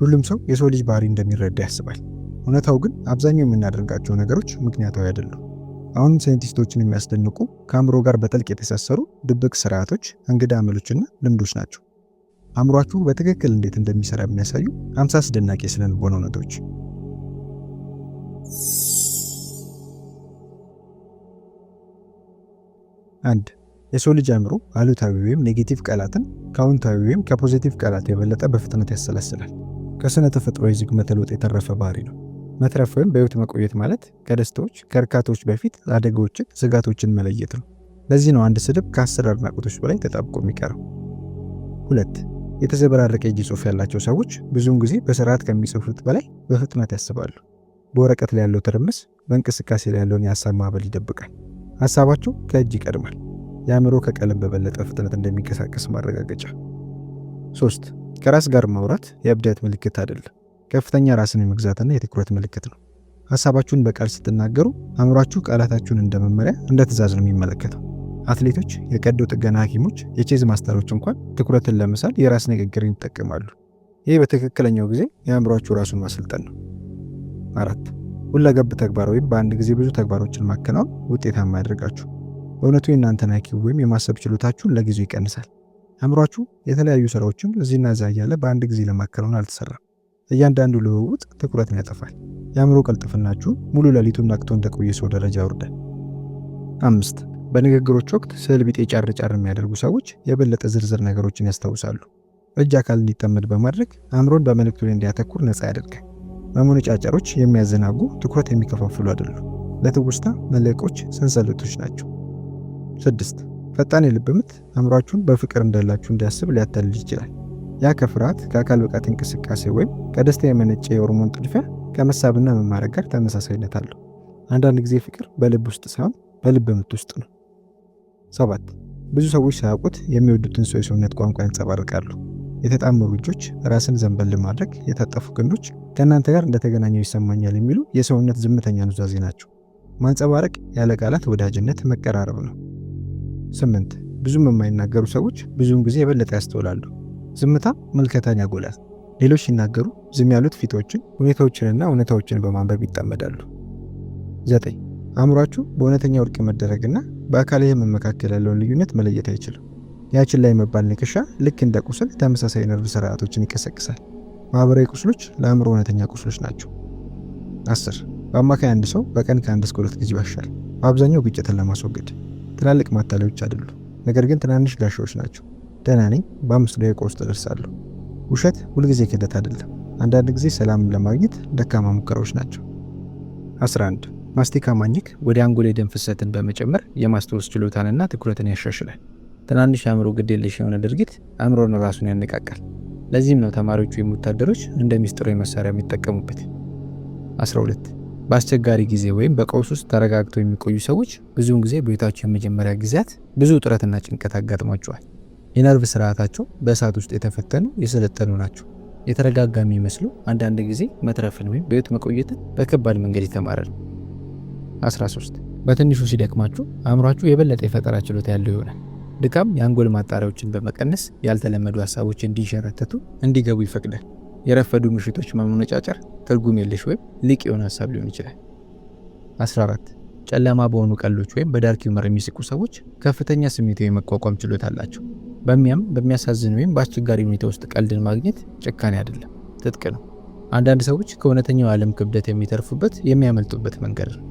ሁሉም ሰው የሰው ልጅ ባህሪ እንደሚረዳ ያስባል። እውነታው ግን አብዛኛው የምናደርጋቸው ነገሮች ምክንያታዊ አይደሉም። አሁንም ሳይንቲስቶችን የሚያስደንቁ ከአእምሮ ጋር በጥልቅ የተሳሰሩ ድብቅ ስርዓቶች፣ እንግዳ አመሎችና ልምዶች ናቸው። አእምሯችሁ በትክክል እንዴት እንደሚሰራ የሚያሳዩ አምሳ አስደናቂ የስነ ልቦና እውነቶች። አንድ የሰው ልጅ አእምሮ አሉታዊ ወይም ኔጌቲቭ ቃላትን ከአዎንታዊ ወይም ከፖዚቲቭ ቃላት የበለጠ በፍጥነት ያሰላስላል። ከስነ ተፈጥሮ ዝግመተ ለውጥ የተረፈ ባህሪ ነው። መትረፍ ወይም በህይወት መቆየት ማለት ከደስታዎች ከእርካቶች በፊት አደጋዎችን፣ ስጋቶችን መለየት ነው። ለዚህ ነው አንድ ስድብ ከአስር አድናቆቶች በላይ ተጣብቆ የሚቀረው። ሁለት የተዘበራረቀ የእጅ ጽሑፍ ያላቸው ሰዎች ብዙውን ጊዜ በስርዓት ከሚጽፉት በላይ በፍጥነት ያስባሉ። በወረቀት ላይ ያለው ትርምስ በእንቅስቃሴ ላይ ያለውን የሀሳብ ማዕበል ይደብቃል። ሀሳባቸው ከእጅ ይቀድማል። የአእምሮ ከቀለም በበለጠ ፍጥነት እንደሚንቀሳቀስ ማረጋገጫ። ሶስት ከራስ ጋር ማውራት የእብደት ምልክት አይደለም፣ ከፍተኛ ራስን የመግዛትና የትኩረት ምልክት ነው። ሀሳባችሁን በቃል ስትናገሩ አእምሯችሁ ቃላታችሁን እንደ መመሪያ፣ እንደ ትእዛዝ ነው የሚመለከተው። አትሌቶች፣ የቀዶ ጥገና ሐኪሞች፣ የቼዝ ማስተሮች እንኳን ትኩረትን ለመሳል የራስ ንግግርን ይጠቀማሉ። ይህ በትክክለኛው ጊዜ የአእምሯችሁ ራሱን ማሰልጠን ነው። አራት ሁለገብ ተግባር ወይም በአንድ ጊዜ ብዙ ተግባሮችን ማከናወን ውጤታማ ያደርጋችሁ። በእውነቱ የእናንተን አይኪው ወይም የማሰብ ችሎታችሁን ለጊዜው ይቀንሳል። አእምሯችሁ የተለያዩ ስራዎችን እዚህና እዛ እያለ በአንድ ጊዜ ለማከናወን አልተሰራም። እያንዳንዱ ልውውጥ ትኩረትን ያጠፋል። የአእምሮ ቀልጥፍናችሁ ሙሉ ሌሊቱን ነቅቶ እንደቆየ ሰው ደረጃ ያወርዳል። አምስት በንግግሮች ወቅት ስዕል ቢጤ ጫር ጫር የሚያደርጉ ሰዎች የበለጠ ዝርዝር ነገሮችን ያስታውሳሉ። እጅ አካል እንዲጠመድ በማድረግ አእምሮን በመልእክቱ ላይ እንዲያተኩር ነፃ ያደርጋል። መሞነጫጨሮች የሚያዘናጉ ትኩረት የሚከፋፍሉ አይደሉም። ለትውስታ መለቆች ሰንሰለቶች ናቸው። ስድስት ፈጣን የልብ ምት አእምሯችሁን በፍቅር እንዳላችሁ እንዲያስብ ሊያታልል ይችላል። ያ ከፍርሃት፣ ከአካል ብቃት እንቅስቃሴ ወይም ከደስታ የመነጨ የሆርሞን ጥድፊያ ከመሳብና መማረክ ጋር ተመሳሳይነት አለው። አንዳንድ ጊዜ ፍቅር በልብ ውስጥ ሳይሆን በልብ ምት ውስጥ ነው። ሰባት ብዙ ሰዎች ሳያውቁት የሚወዱትን ሰው የሰውነት ቋንቋ ያንጸባርቃሉ። የተጣመሩ እጆች፣ ራስን ዘንበል ማድረግ፣ የታጠፉ ክንዶች ከእናንተ ጋር እንደተገናኘው ይሰማኛል የሚሉ የሰውነት ዝምተኛ ኑዛዜ ናቸው። ማንጸባረቅ ያለ ቃላት ወዳጅነት መቀራረብ ነው። ስምንት ብዙም የማይናገሩ ሰዎች ብዙውን ጊዜ የበለጠ ያስተውላሉ። ዝምታ ምልከታን ያጎላል። ሌሎች ሲናገሩ ዝም ያሉት ፊቶችን፣ ሁኔታዎችንና እውነታዎችን በማንበብ ይጠመዳሉ። ዘጠኝ አእምሯችሁ በእውነተኛ ውድቅ መደረግና በአካል መካከል ያለውን ልዩነት መለየት አይችልም። ያችን ላይ መባል ንክሻ ልክ እንደ ቁስል ተመሳሳይ ነርቭ ስርዓቶችን ይቀሰቅሳል። ማህበራዊ ቁስሎች ለአእምሮ እውነተኛ ቁስሎች ናቸው። አስር በአማካይ አንድ ሰው በቀን ከአንድ እስከ ሁለት ጊዜ ይዋሻል፣ በአብዛኛው ግጭትን ለማስወገድ ትላልቅ ማታለያዎች አይደሉ፣ ነገር ግን ትናንሽ ጋሻዎች ናቸው። ደህና ነኝ፣ በአምስት ደቂቃ ውስጥ እደርሳለሁ። ውሸት ሁልጊዜ ክህደት አይደለም። አንዳንድ ጊዜ ሰላምን ለማግኘት ደካማ ሙከራዎች ናቸው። 11 ማስቲካ ማኘክ ወደ አንጎል የደም ፍሰትን በመጨመር የማስታወስ ችሎታንና ትኩረትን ያሻሽላል። ትናንሽ አእምሮ ግዴለሽ የሆነ ድርጊት አእምሮን ራሱን ያነቃቃል። ለዚህም ነው ተማሪዎች ወይም ወታደሮች እንደ ሚስጥሩ መሳሪያ የሚጠቀሙበት። 12 በአስቸጋሪ ጊዜ ወይም በቀውስ ውስጥ ተረጋግተው የሚቆዩ ሰዎች ብዙውን ጊዜ በሕይወታቸው የመጀመሪያ ጊዜያት ብዙ ውጥረትና ጭንቀት አጋጥሟቸዋል። የነርቭ ስርዓታቸው በእሳት ውስጥ የተፈተኑ የሰለጠኑ ናቸው። የተረጋጋ የሚመስሉ አንዳንድ ጊዜ መትረፍን ወይም በሕይወት መቆየትን በከባድ መንገድ የተማረ ነው። 13 በትንሹ ሲደክማችሁ አእምሯችሁ የበለጠ የፈጠራ ችሎታ ያለው ይሆናል። ድካም የአንጎል ማጣሪያዎችን በመቀነስ ያልተለመዱ ሀሳቦች እንዲሸረተቱ እንዲገቡ ይፈቅዳል። የረፈዱ ምሽቶች ማመነጫጨር ትርጉም የለሽ ወይም ልቅ የሆነ ሀሳብ ሊሆን ይችላል። 14 ጨለማ በሆኑ ቀልዶች ወይም በዳርክ ዩመር የሚስቁ ሰዎች ከፍተኛ ስሜታዊ መቋቋም ችሎታ አላቸው። በሚያም በሚያሳዝን ወይም በአስቸጋሪ ሁኔታ ውስጥ ቀልድን ማግኘት ጭካኔ አይደለም፣ ትጥቅ ነው። አንዳንድ ሰዎች ከእውነተኛው ዓለም ክብደት የሚተርፉበት የሚያመልጡበት መንገድ ነው።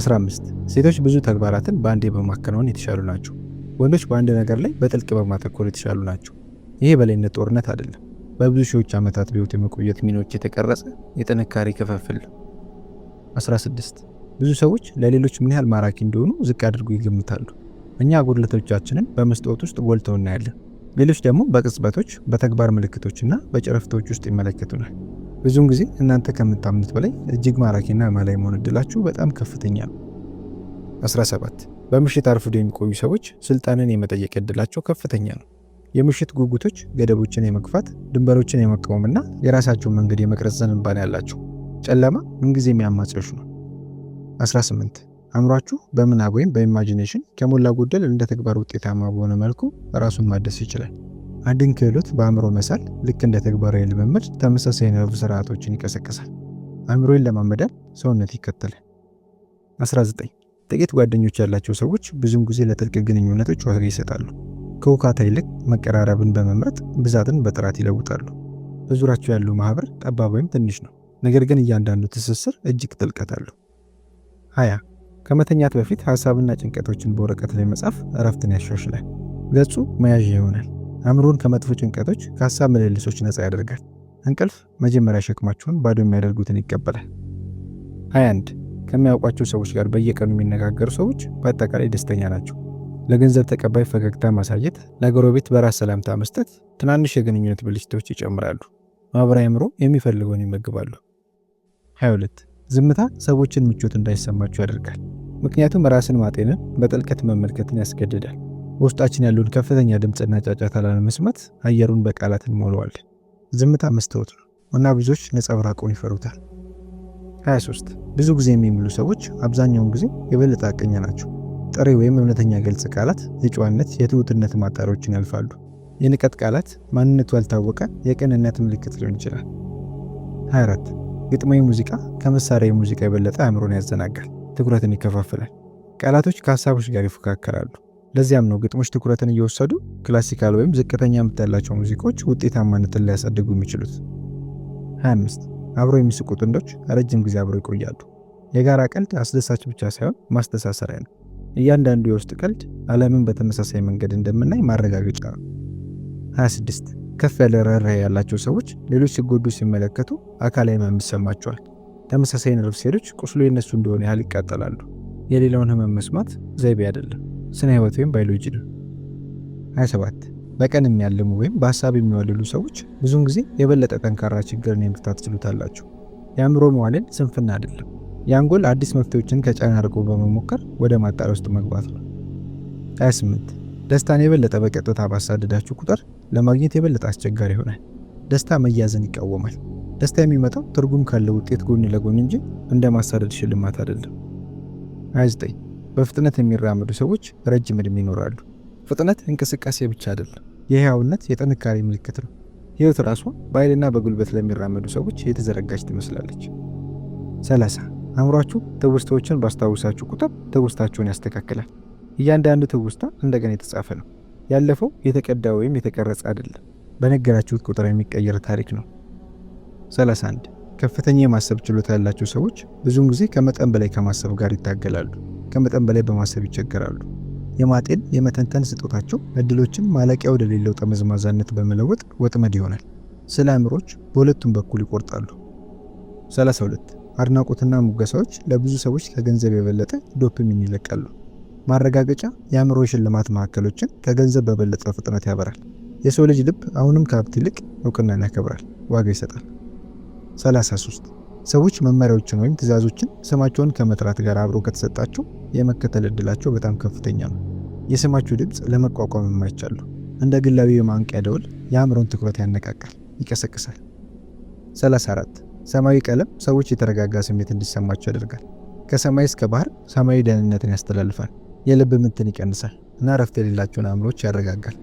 15 ሴቶች ብዙ ተግባራትን በአንዴ በማከናወን የተሻሉ ናቸው። ወንዶች በአንድ ነገር ላይ በጥልቅ በማተኮር የተሻሉ ናቸው። ይሄ የበላይነት ጦርነት አይደለም። በብዙ ሺዎች ዓመታት በሕይወት የመቆየት ሚኖች የተቀረጸ የጥንካሬ ክፍፍል ነው። 16 ብዙ ሰዎች ለሌሎች ምን ያህል ማራኪ እንደሆኑ ዝቅ አድርጎ ይገምታሉ። እኛ ጉድለቶቻችንን በመስታወት ውስጥ ጎልተው እናያለን። ሌሎች ደግሞ በቅጽበቶች፣ በተግባር ምልክቶችና በጨረፍታዎች ውስጥ ይመለከቱናል። ብዙውን ጊዜ እናንተ ከምታምኑት በላይ እጅግ ማራኪና ማላይ መሆን እድላችሁ በጣም ከፍተኛ ነው። 17 በምሽት አርፍዶ የሚቆዩ ሰዎች ስልጣንን የመጠየቅ እድላቸው ከፍተኛ ነው። የምሽት ጉጉቶች ገደቦችን የመግፋት ድንበሮችን የመቃወምና የራሳቸውን መንገድ የመቅረጽ ዝንባሌ ያላቸው ጨለማ ምንጊዜ የሚያማጽዎች ነው። 18 አእምሯችሁ በምናብ ወይም በኢማጂኔሽን ከሞላ ጎደል እንደ ተግባር ውጤታማ በሆነ መልኩ ራሱን ማደስ ይችላል። አንድን ክህሎት በአእምሮ መሳል ልክ እንደ ተግባራዊ ልምምድ ተመሳሳይ ነርቭ ስርዓቶችን ይቀሰቀሳል። አእምሮን ለማመዳል ሰውነት ይከተላል። 19 ጥቂት ጓደኞች ያላቸው ሰዎች ብዙም ጊዜ ለጥልቅ ግንኙነቶች ዋጋ ይሰጣሉ። ከውካታ ይልቅ መቀራረብን በመምረጥ ብዛትን በጥራት ይለውጣሉ። በዙሪያቸው ያለው ማህበር ጠባብ ወይም ትንሽ ነው፣ ነገር ግን እያንዳንዱ ትስስር እጅግ ጥልቀት አለው። ሀያ ከመተኛት በፊት ሀሳብና ጭንቀቶችን በወረቀት ላይ መጻፍ እረፍትን ያሻሽላል። ገጹ መያዣ ይሆናል፣ አእምሮን ከመጥፎ ጭንቀቶች፣ ከሀሳብ ምልልሶች ነፃ ያደርጋል። እንቅልፍ መጀመሪያ ሸክማቸውን ባዶ የሚያደርጉትን ይቀበላል። 21 ከሚያውቋቸው ሰዎች ጋር በየቀኑ የሚነጋገሩ ሰዎች በአጠቃላይ ደስተኛ ናቸው። ለገንዘብ ተቀባይ ፈገግታ ማሳየት፣ ለጎረቤት በራስ ሰላምታ መስጠት ትናንሽ የግንኙነት ብልሽቶች ይጨምራሉ። ማህበራዊ አእምሮ የሚፈልገውን ይመግባሉ። 22 ዝምታ ሰዎችን ምቾት እንዳይሰማቸው ያደርጋል። ምክንያቱም ራስን ማጤንን በጥልቀት መመልከትን ያስገድዳል። በውስጣችን ያለውን ከፍተኛ ድምፅና ጫጫታ ላለመስማት አየሩን በቃላት እንሞላዋለን። ዝምታ መስታወት ነው እና ብዙዎች ነጸብራቁን ይፈሩታል። 23 ብዙ ጊዜ የሚምሉ ሰዎች አብዛኛውን ጊዜ የበለጠ አቀኛ ናቸው። ጥሬ ወይም እውነተኛ ግልጽ ቃላት የጨዋነት የትሑትነት ማጣሪያዎችን ያልፋሉ። የንቀት ቃላት ማንነቱ ያልታወቀ የቅንነት ምልክት ሊሆን ይችላል። 24 ግጥማዊ ሙዚቃ ከመሳሪያ ሙዚቃ የበለጠ አእምሮን ያዘናጋል፣ ትኩረትን ይከፋፍላል። ቃላቶች ከሀሳቦች ጋር ይፎካከራሉ። ለዚያም ነው ግጥሞች ትኩረትን እየወሰዱ ክላሲካል ወይም ዝቅተኛ ምት ያላቸው ሙዚቃዎች ውጤታማነትን ሊያሳድጉ የሚችሉት። 25 አብረው የሚስቁ ጥንዶች ረጅም ጊዜ አብረው ይቆያሉ። የጋራ ቀልድ አስደሳች ብቻ ሳይሆን ማስተሳሰሪያ ነው። እያንዳንዱ የውስጥ ቀልድ ዓለምን በተመሳሳይ መንገድ እንደምናይ ማረጋገጫ ነው። 26 ከፍ ያለ ርኅራኄ ያላቸው ሰዎች ሌሎች ሲጎዱ ሲመለከቱ አካላዊ ህመም ይሰማቸዋል። ተመሳሳይ ነርቭ ሴሎች ቁስሉ የነሱ እንደሆነ ያህል ይቃጠላሉ። የሌላውን ህመም መስማት ዘይቤ አይደለም፣ ስነ ህይወት ወይም ባዮሎጂ ነው። 27 በቀን የሚያልሙ ወይም በሀሳብ የሚዋልሉ ሰዎች ብዙውን ጊዜ የበለጠ ጠንካራ ችግርን የመፍታት ችሎታ አላቸው። የአእምሮ መዋልን ስንፍና አይደለም። ያን ጎል አዲስ መፍትሄዎችን ከጫና አድርጎ በመሞከር ወደ ማጣሪያ ውስጥ መግባት ነው። 28 ደስታን የበለጠ በቀጥታ ባሳደዳችሁ ቁጥር ለማግኘት የበለጠ አስቸጋሪ ይሆናል። ደስታ መያዝን ይቃወማል። ደስታ የሚመጣው ትርጉም ካለው ውጤት ጎን ለጎን እንጂ እንደ ማሳደድ ሽልማት አይደለም። 29 በፍጥነት የሚራመዱ ሰዎች ረጅም ዕድሜ ይኖራሉ። ፍጥነት እንቅስቃሴ ብቻ አይደለም፣ የህያውነት የጥንካሬ ምልክት ነው። ህይወት ራሷ በኃይልና በጉልበት ለሚራመዱ ሰዎች የተዘረጋች ትመስላለች። 30 አእምሯችሁ ትውስታዎችን ባስታውሳችሁ ቁጥር ትውስታችሁን ያስተካክላል። እያንዳንዱ ትውስታ እንደገና የተጻፈ ነው። ያለፈው የተቀዳ ወይም የተቀረጸ አይደለም። በነገራችሁት ቁጥር የሚቀየር ታሪክ ነው። 31 ከፍተኛ የማሰብ ችሎታ ያላቸው ሰዎች ብዙውን ጊዜ ከመጠን በላይ ከማሰብ ጋር ይታገላሉ። ከመጠን በላይ በማሰብ ይቸገራሉ። የማጤን የመተንተን ስጦታቸው እድሎችን ማለቂያ ወደሌለው ጠመዝማዛነት በመለወጥ ወጥመድ ይሆናል። ስለ አእምሮች በሁለቱም በኩል ይቆርጣሉ። 32 አድናቆትና ሙገሳዎች ለብዙ ሰዎች ከገንዘብ የበለጠ ዶፓሚን ይለቃሉ። ማረጋገጫ የአእምሮ ሽልማት ማዕከሎችን ከገንዘብ በበለጠ ፍጥነት ያበራል። የሰው ልጅ ልብ አሁንም ከሀብት ይልቅ እውቅናን ያከብራል፣ ዋጋ ይሰጣል። 33 ሰዎች መመሪያዎችን ወይም ትዛዞችን ስማቸውን ከመጥራት ጋር አብሮ ከተሰጣቸው የመከተል እድላቸው በጣም ከፍተኛ ነው። የስማቸው ድምፅ ለመቋቋም የማይቻሉ እንደ ግላዊ የማንቂያ ደውል የአእምሮን ትኩረት ያነቃቃል፣ ይቀሰቅሳል። 34 ሰማያዊ ቀለም ሰዎች የተረጋጋ ስሜት እንዲሰማቸው ያደርጋል። ከሰማይ እስከ ባህር ሰማያዊ ደህንነትን ያስተላልፋል። የልብ ምትን ይቀንሳል እና እረፍት የሌላቸውን አእምሮች ያረጋጋል።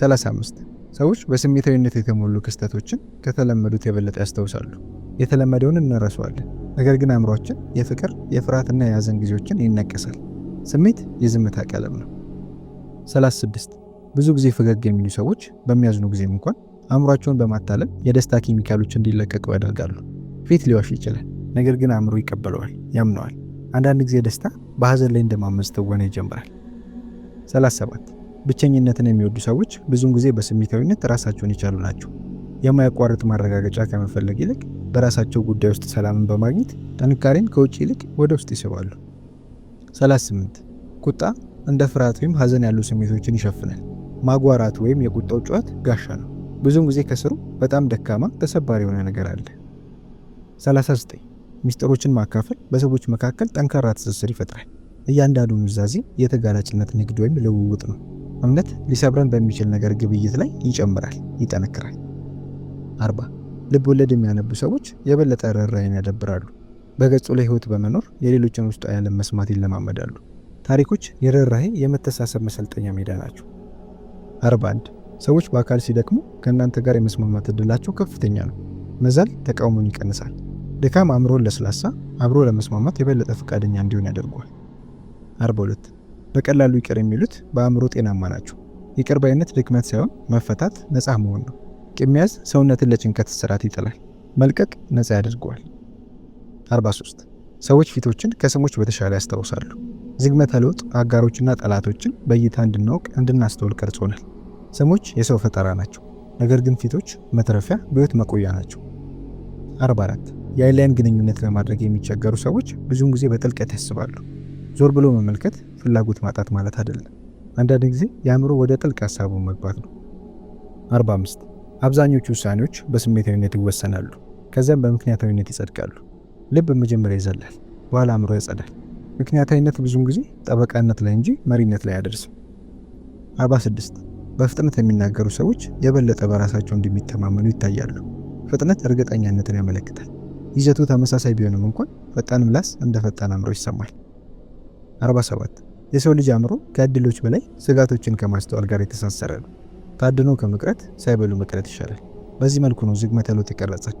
35 ሰዎች በስሜታዊነት የተሞሉ ክስተቶችን ከተለመዱት የበለጠ ያስታውሳሉ። የተለመደውን እንረሳዋለን፣ ነገር ግን አእምሯችን የፍቅር የፍርሃትና የያዘን ጊዜዎችን ይነቀሳል። ስሜት የዝምታ ቀለም ነው። 36 ብዙ ጊዜ ፈገግ የሚሉ ሰዎች በሚያዝኑ ጊዜም እንኳን አእምሯቸውን በማታለል የደስታ ኬሚካሎች እንዲለቀቁ ያደርጋሉ። ፊት ሊዋሽ ይችላል፣ ነገር ግን አእምሮ ይቀበለዋል፣ ያምነዋል። አንዳንድ ጊዜ ደስታ በሀዘን ላይ እንደማመዝ ትወና ይጀምራል። 37 ብቸኝነትን የሚወዱ ሰዎች ብዙውን ጊዜ በስሜታዊነት ራሳቸውን የቻሉ ናቸው። የማያቋርጥ ማረጋገጫ ከመፈለግ ይልቅ በራሳቸው ጉዳይ ውስጥ ሰላምን በማግኘት ጥንካሬን ከውጭ ይልቅ ወደ ውስጥ ይስባሉ። 38 ቁጣ እንደ ፍርሃት ወይም ሀዘን ያሉ ስሜቶችን ይሸፍናል። ማጓራት ወይም የቁጣው ጩኸት ጋሻ ነው። ብዙ ጊዜ ከስሩ በጣም ደካማ ተሰባሪ የሆነ ነገር አለ። 39 ሚስጥሮችን ማካፈል በሰዎች መካከል ጠንካራ ትስስር ይፈጥራል። እያንዳንዱ ኑዛዜ የተጋላጭነት ንግድ ወይም ልውውጥ ነው። እምነት ሊሰብረን በሚችል ነገር ግብይት ላይ ይጨምራል፣ ይጠነክራል። 40 ልብ ወለድ የሚያነቡ ሰዎች የበለጠ ርኅራኄን ያዳብራሉ። በገጹ ላይ ህይወት በመኖር የሌሎችን ውስጥ ያለን መስማት ይለማመዳሉ። ታሪኮች የርኅራኄ የመተሳሰብ መሰልጠኛ ሜዳ ናቸው። 41 ሰዎች በአካል ሲደክሙ ከእናንተ ጋር የመስማማት እድላቸው ከፍተኛ ነው። መዛል ተቃውሞን ይቀንሳል። ድካም አእምሮን ለስላሳ፣ አብሮ ለመስማማት የበለጠ ፈቃደኛ እንዲሆን ያደርገዋል። 42 በቀላሉ ይቅር የሚሉት በአእምሮ ጤናማ ናቸው። ይቅር ባይነት ድክመት ሳይሆን መፈታት፣ ነፃ መሆን ነው። ቂም መያዝ ሰውነትን ለጭንቀት ስርዓት ይጥላል። መልቀቅ ነፃ ያደርገዋል። 43 ሰዎች ፊቶችን ከስሞች በተሻለ ያስታውሳሉ። ዝግመተ ለውጥ አጋሮችና ጠላቶችን በእይታ እንድናውቅ እንድናስተውል ቀርጾናል። ስሞች የሰው ፈጠራ ናቸው፣ ነገር ግን ፊቶች መትረፊያ በህይወት መቆያ ናቸው። 44 የአይላይን ግንኙነት ለማድረግ የሚቸገሩ ሰዎች ብዙውን ጊዜ በጥልቀት ያስባሉ። ዞር ብሎ መመልከት ፍላጎት ማጣት ማለት አይደለም፣ አንዳንድ ጊዜ የአእምሮ ወደ ጥልቅ ሀሳቡ መግባት ነው። 45 አብዛኞቹ ውሳኔዎች በስሜታዊነት ይወሰናሉ፣ ከዚያም በምክንያታዊነት ይጸድቃሉ። ልብ መጀመሪያ ይዘላል፣ በኋላ አእምሮ ያጸዳል። ምክንያታዊነት ብዙውን ጊዜ ጠበቃነት ላይ እንጂ መሪነት ላይ አደርስም። 46 በፍጥነት የሚናገሩ ሰዎች የበለጠ በራሳቸው እንደሚተማመኑ ይታያሉ። ፍጥነት እርግጠኛነትን ያመለክታል። ይዘቱ ተመሳሳይ ቢሆንም እንኳን ፈጣን ምላስ እንደ ፈጣን አእምሮ ይሰማል። 47 የሰው ልጅ አእምሮ ከእድሎች በላይ ስጋቶችን ከማስተዋል ጋር የተሳሰረ ነው። ታድኖ ከመቅረት ሳይበሉ መቅረት ይሻላል። በዚህ መልኩ ነው ዝግመተ ለውጥ ይቀረጻል።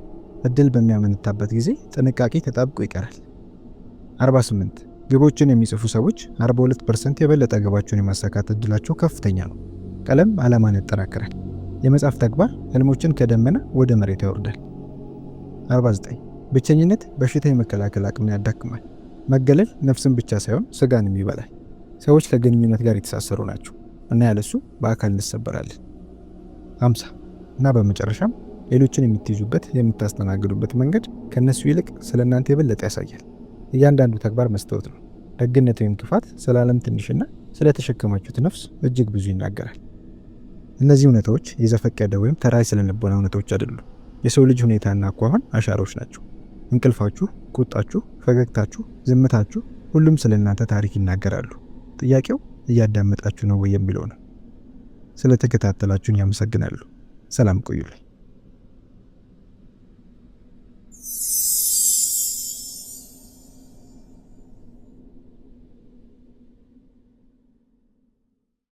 እድል በሚያመንታበት ጊዜ ጥንቃቄ ተጣብቆ ይቀራል። 48 ግቦችን የሚጽፉ ሰዎች 42 ፐርሰንት የበለጠ ግባቸውን የማሳካት እድላቸው ከፍተኛ ነው። ቀለም ዓላማን ያጠናክራል። የመጻፍ ተግባር ህልሞችን ከደመና ወደ መሬት ያወርዳል። 49 ብቸኝነት በሽታ የመከላከል አቅምን ያዳክማል። መገለል ነፍስን ብቻ ሳይሆን ስጋንም ይበላል። ሰዎች ከግንኙነት ጋር የተሳሰሩ ናቸው እና ያለሱ በአካል እንሰበራለን። 50 እና በመጨረሻም ሌሎችን የምትይዙበት የምታስተናግዱበት መንገድ ከእነሱ ይልቅ ስለ እናንተ የበለጠ ያሳያል። እያንዳንዱ ተግባር መስታወት ነው። ደግነት ወይም ክፋት ስለ ዓለም ትንሽና ስለተሸከማችሁት ነፍስ እጅግ ብዙ ይናገራል። እነዚህ እውነታዎች የዘፈቀደ ወይም ተራ ስለነበረ እውነታዎች አይደሉም። የሰው ልጅ ሁኔታና አኳኋን አሻራዎች ናቸው። እንቅልፋችሁ፣ ቁጣችሁ፣ ፈገግታችሁ፣ ዝምታችሁ፣ ሁሉም ስለ እናንተ ታሪክ ይናገራሉ። ጥያቄው እያዳመጣችሁ ነው ወይ የሚለው ነው። ስለተከታተላችሁን ያመሰግናሉ። ሰላም ቆዩልኝ።